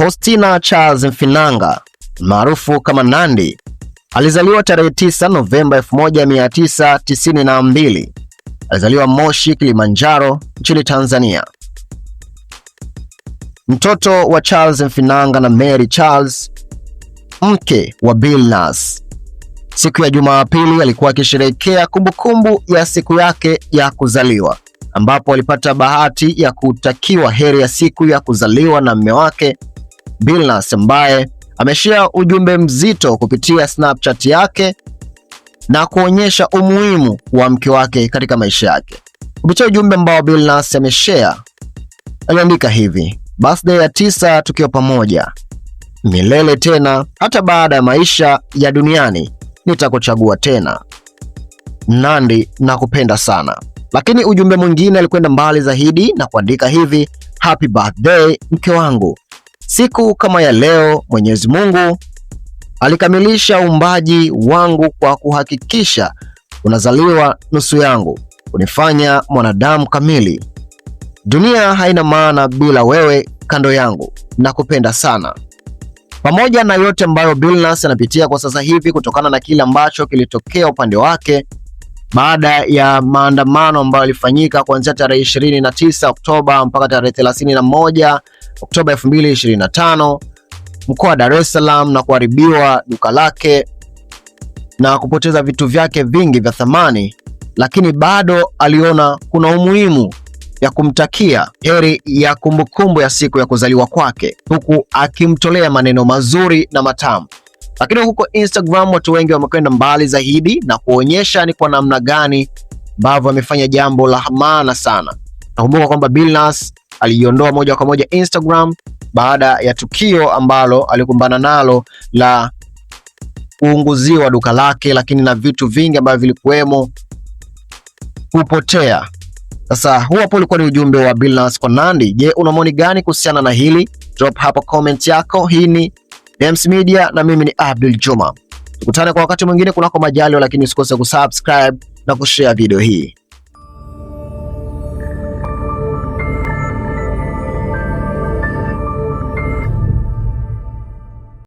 Faustina Charles Mfinanga maarufu kama Nandi alizaliwa tarehe 9 Novemba 1992. Alizaliwa Moshi, Kilimanjaro nchini Tanzania. Mtoto wa Charles Mfinanga na Mary Charles, mke wa Bill nas Siku ya Jumapili alikuwa akisherehekea kumbukumbu ya siku yake ya kuzaliwa, ambapo alipata bahati ya kutakiwa heri ya siku ya kuzaliwa na mume wake Billnass ambaye ameshare ujumbe mzito kupitia Snapchat yake na kuonyesha umuhimu wa mke wake katika maisha yake. Kupitia ujumbe ambao Billnass ameshare, aliandika hivi: birthday ya tisa tukiwa pamoja milele tena, hata baada ya maisha ya duniani nitakuchagua tena nandi nakupenda sana. Lakini ujumbe mwingine alikwenda mbali zaidi na kuandika hivi: happy birthday mke wangu, Siku kama ya leo Mwenyezi Mungu alikamilisha uumbaji wangu kwa kuhakikisha unazaliwa nusu yangu, kunifanya mwanadamu kamili. Dunia haina maana bila wewe kando yangu, na kupenda sana. Pamoja na yote ambayo Billnass anapitia kwa sasa hivi kutokana na kile ambacho kilitokea upande wake baada ya maandamano ambayo yalifanyika kuanzia tarehe 29 Oktoba mpaka tarehe 31 Oktoba 2025 mkoa wa Dar es Salaam na kuharibiwa duka lake na kupoteza vitu vyake vingi vya thamani, lakini bado aliona kuna umuhimu ya kumtakia heri ya kumbukumbu ya siku ya kuzaliwa kwake, huku akimtolea maneno mazuri na matamu. Lakini huko Instagram watu wengi wamekwenda mbali zaidi na kuonyesha ni kwa namna gani ambavyo amefanya jambo la maana sana. Nakumbuka kwamba Billnass aliiondoa moja kwa moja Instagram baada ya tukio ambalo alikumbana nalo la kuunguziwa duka lake, lakini na vitu vingi ambavyo vilikuwemo kupotea. Sasa huo hapo ulikuwa ni ujumbe wa Billnass kwa Nandy. Je, una maoni gani kuhusiana na hili? Drop hapo comment yako. Hii ni Dems Media na mimi ni Abdul Juma. Tukutane kwa wakati mwingine kunako majaliwa, lakini usikose kusubscribe na kushare video hii.